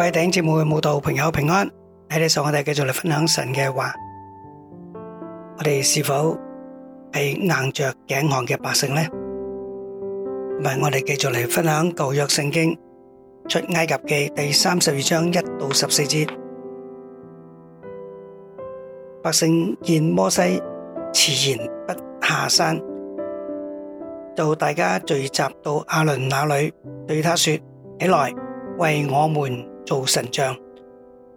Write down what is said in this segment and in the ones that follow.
各位節目嘅舞蹈朋友平安，喺呢度我哋繼續嚟分享神嘅話，我哋是否係硬著頸項嘅百姓呢？唔係，我哋繼續嚟分享舊約聖經出埃及記第三十二章一到十四節，百姓見摩西遲延不下山，就大家聚集到阿倫那裏，對他說：起來為我們。做神像，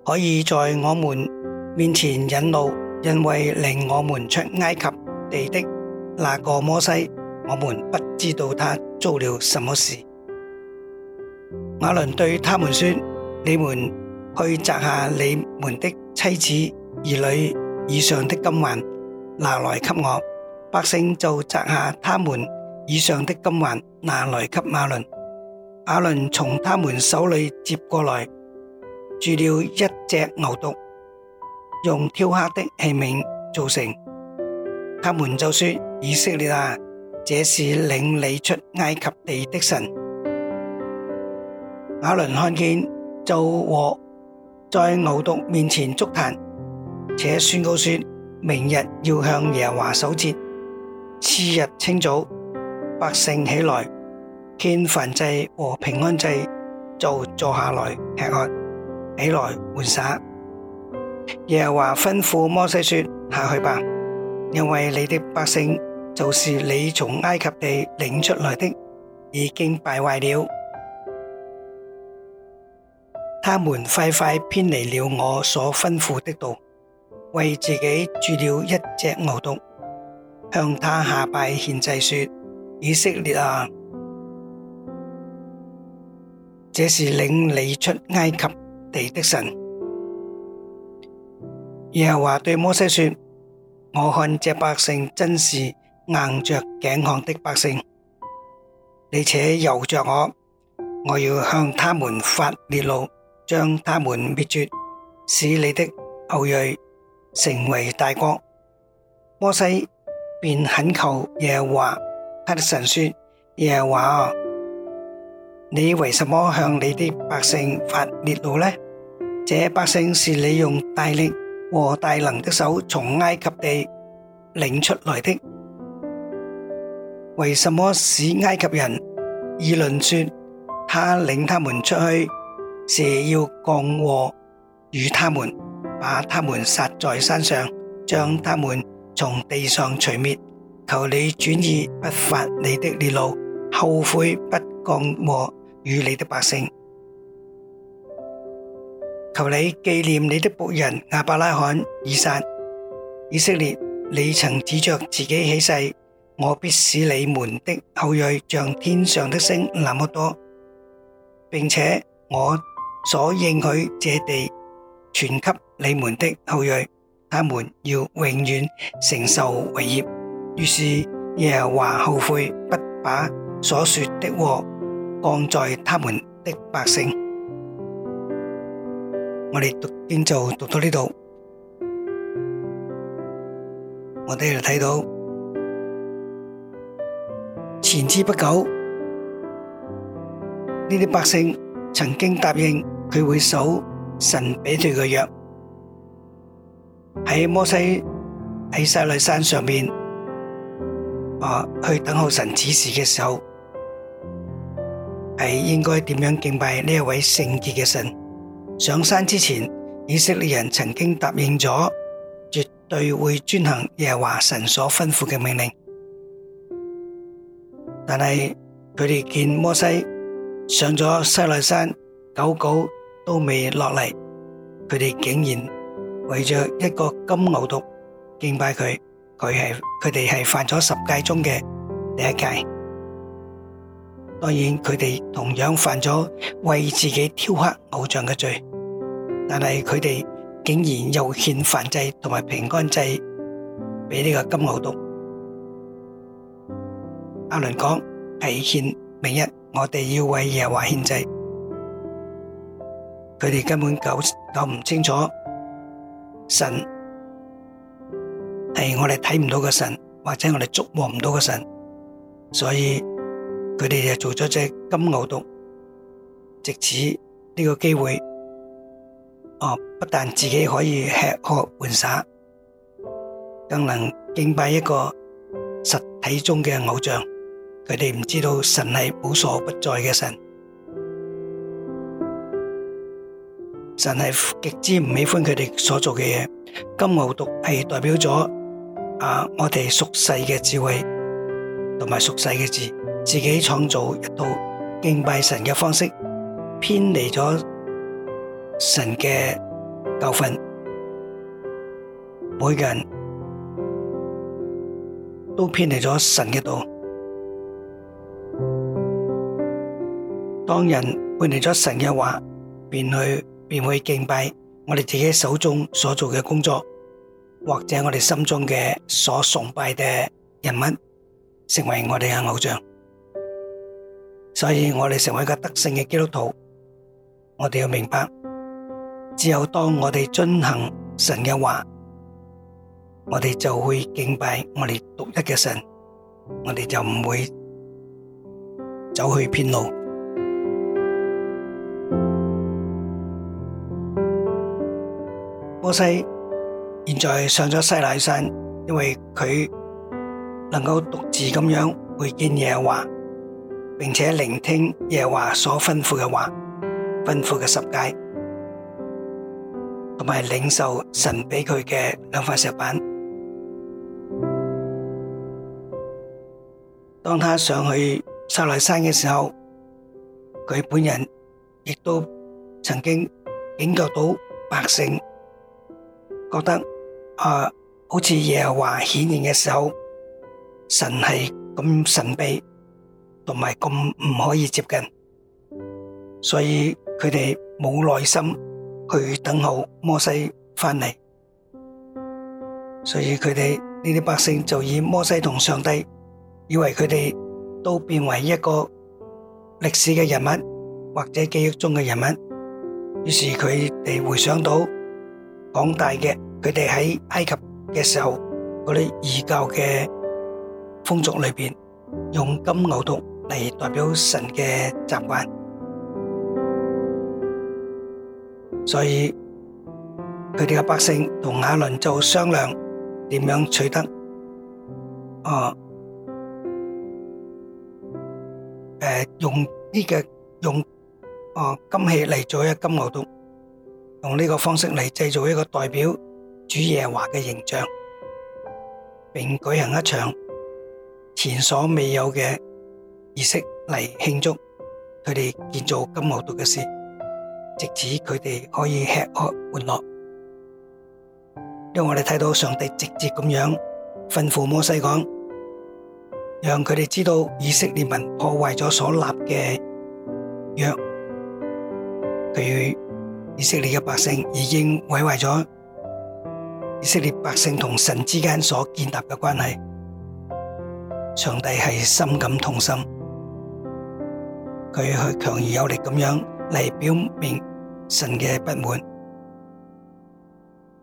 可以在我們面前引路，因為令我們出埃及地的那個摩西，我們不知道他做了什麼事。亞倫對他們說：你們去摘下你們的妻子、兒女耳上的金環，拿來給我。百姓就摘下他們耳上的金環，拿來給亞倫。亞倫從他們手裏接過來，鑄了一隻牛犢，用雕刻的器皿做成。他們就說：以色列啊，這是領你出埃及地的神。亞倫看見，就和在牛犢面前築壇，且宣告說：明日要向耶和華守節。次日清早，百姓起來。獻燔祭和平安祭，就坐下來吃喝，起來玩耍。耶和華吩咐摩西說：下去吧，因為你的百姓就是你從埃及地領出來的，已經敗壞了，他們快快偏離了我所吩咐的道，為自己鑄了一隻牛犢，向他下拜獻祭說：以色列啊！這是領你出埃及地的神。耶和華對摩西說：我看這百姓真是硬着頸項的百姓，你且由着我，我要向他們發烈怒，將他們滅絕，使你的後裔成為大國。摩西便懇求耶和華他的神說：耶和華你為什麼向你的百姓發烈怒呢？這百姓是你用大力和大能的手從埃及地領出來的。為什麼使埃及人議論說他領他們出去是要降禍與他們，把他們殺在山上，將他們從地上除滅？求你轉意不發你的烈怒，後悔不降禍。與你的百姓，降在他們的百姓，我哋讀經就讀到呢度，我哋就睇到前之不久，呢啲百姓曾經答應佢會守神俾佢嘅約，喺摩西喺西奈山上面啊去等候神指示嘅時候。係應該點樣敬拜呢一位聖潔嘅神？上山之前，以色列人曾經答應咗絕對會遵行耶和華神所吩咐嘅命令。當然，佢哋同樣犯咗為自己挑黑偶像嘅罪，但係佢哋竟然又獻燔祭同埋平安祭俾呢個金牛犢。阿倫講係獻明日，我哋要為耶和華獻祭。佢哋根本搞搞唔清楚神係我哋睇唔到嘅神，或者我哋觸摸唔到嘅神，所以。佢哋就做咗隻金牛犢，藉此呢個機會，啊不但自己可以吃喝玩耍，更能敬拜一個實體中嘅偶像。佢哋唔知道神係無所不在嘅神，神係極之唔喜歡佢哋所做嘅嘢。金牛犢係代表咗啊，我哋俗世嘅智慧同埋俗世嘅字。自己創造一套敬拜神嘅方式，偏離咗神嘅教訓，每個人都偏離咗神嘅道。當人偏離咗神嘅話，便去便去敬拜我哋自己手中所做嘅工作，或者我哋心中嘅所崇拜嘅人物，成為我哋嘅偶像。所以我哋成為一個得勝嘅基督徒，我哋要明白，只有當我哋遵行神嘅話，我哋就會敬拜我哋獨一嘅神，我哋就唔會走去偏路。摩西現在上咗西奈山，因為佢能夠獨自咁樣去見耶和華。並且聆聽耶華所吩咐嘅話，吩咐嘅十誡，同埋領受神俾佢嘅兩塊石板。當他上去西奈山嘅時候，佢本人亦都曾經驚覺到百姓覺得，啊，好似耶和華顯現嘅時候，神係咁神秘。同埋咁唔可以接近，所以佢哋冇耐心去等候摩西翻嚟，所以佢哋呢啲百姓就以摩西同上帝，以為佢哋都變為一個歷史嘅人物或者記憶中嘅人物，於是佢哋回想到廣大嘅佢哋喺埃及嘅時候嗰啲異教嘅風俗裏邊，用金牛犢。嚟代表神嘅習慣，所以佢哋嘅百姓同亞倫就商量，點樣取得？哦，誒，用呢個用哦金器嚟做一個金牛犢，用呢個方式嚟製造一個代表主耶華嘅形象，並舉行一場前所未有嘅。以色列嚟慶祝佢哋建造金牛犢嘅事，直至佢哋可以吃喝玩樂。因為我哋睇到上帝直接咁樣吩咐摩西講，讓佢哋知道以色列民破壞咗所立嘅約，佢以色列嘅百姓已經毀壞咗以色列百姓同神之間所建立嘅關係。上帝係深感痛心。佢去強而有力咁樣嚟表明神嘅不滿，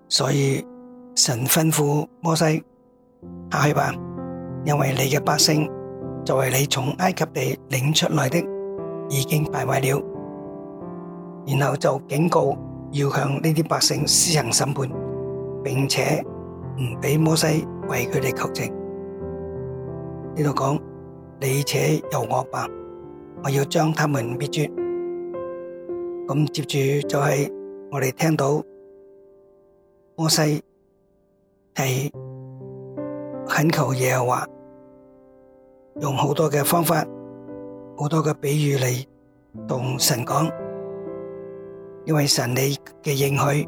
所以神吩咐摩西下去吧，因為你嘅百姓作為你從埃及地領出來的已經敗壞了，然後就警告要向呢啲百姓施行審判，並且唔俾摩西為佢哋求情。呢度講你且由我吧。我要將他們滅絕。咁接住就係我哋聽到摩西係懇求耶和華，用好多嘅方法，好多嘅比喻嚟同神講。因為神你嘅應許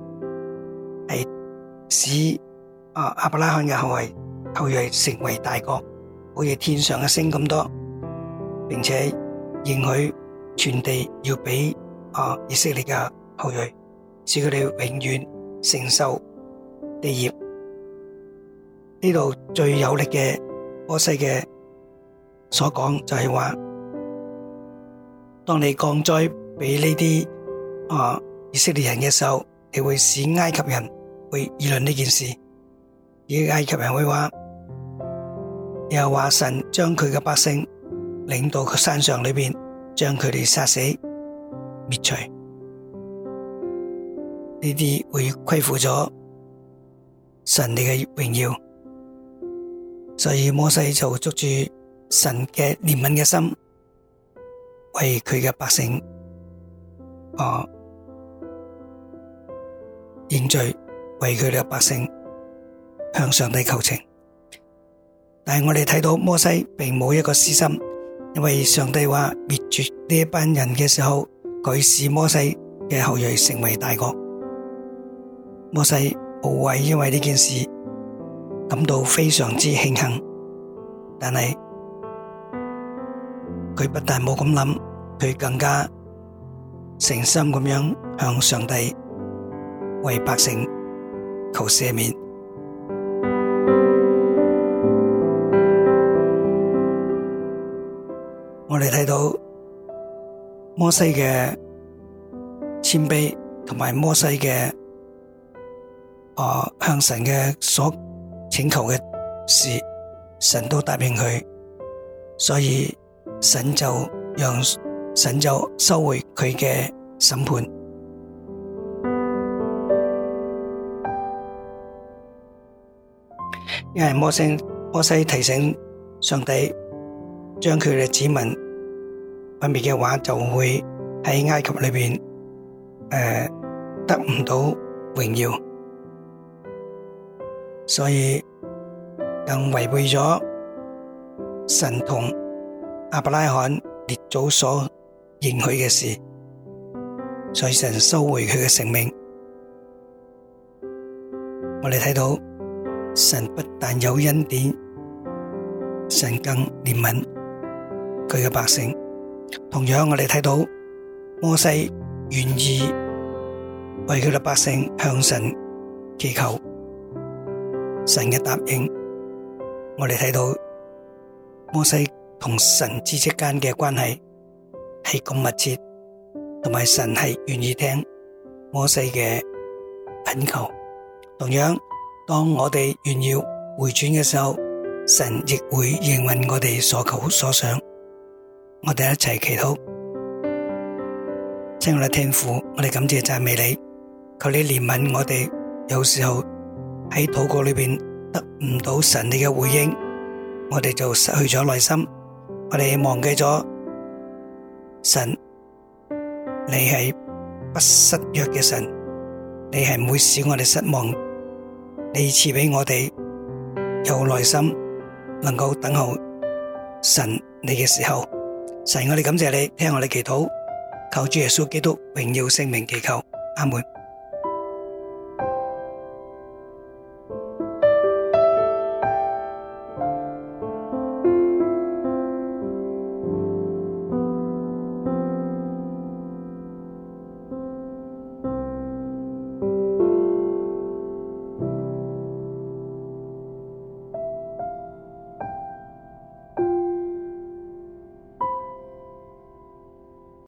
係使啊亞伯拉罕嘅後裔後裔成為大國，好似天上嘅星咁多，並且。應許全地要俾啊以色列嘅後裔，使佢哋永遠承受地業。呢度最有力嘅，摩西嘅所講就係話，當你降災俾呢啲啊以色列人嘅時候，你會使埃及人會議論呢件事，而埃及人會話，又話神將佢嘅百姓。領到個山上裏面將佢哋殺死滅除，呢啲會虧負咗神哋嘅榮耀，所以摩西就捉住神嘅憐憫嘅心，為佢嘅百姓，啊、哦、認罪，為佢哋嘅百姓向上帝求情。但係我哋睇到摩西並冇一個私心。因為上帝話滅絕呢一班人嘅時候，佢使摩西嘅後裔成為大國。摩西無謂，因為呢件事感到非常之慶幸，幸，但係佢不但冇咁諗，佢更加誠心咁樣向上帝為百姓求赦免。我哋睇到摩西嘅謙卑，同埋摩西嘅、啊向神嘅所請求嘅事，神都答應佢，所以神就讓神就收回佢嘅審判，因為摩西摩西提醒上帝將佢嘅子民，分別嘅話，就會喺埃及裏邊，誒，得唔到榮耀，所以更違背咗神同亞伯拉罕列祖所應許嘅事，所以神收回佢嘅性命。我哋睇到神不但有恩典，神更憐憫佢嘅百姓。同樣，我哋睇到，我哋一齊祈禱，親愛嘅天父，我哋感謝讚美你，求你憐憫我哋。有時候喺禱告裏邊得唔到神你嘅回應，我哋就失去咗耐心，我哋忘記咗神，你係不失約嘅神，你係唔會使我哋失望，你賜俾我哋有耐心，能夠等候神你嘅時候。神，我哋感謝你聽我哋祈禱，求主耶穌基督榮耀聖名，祈求，阿門。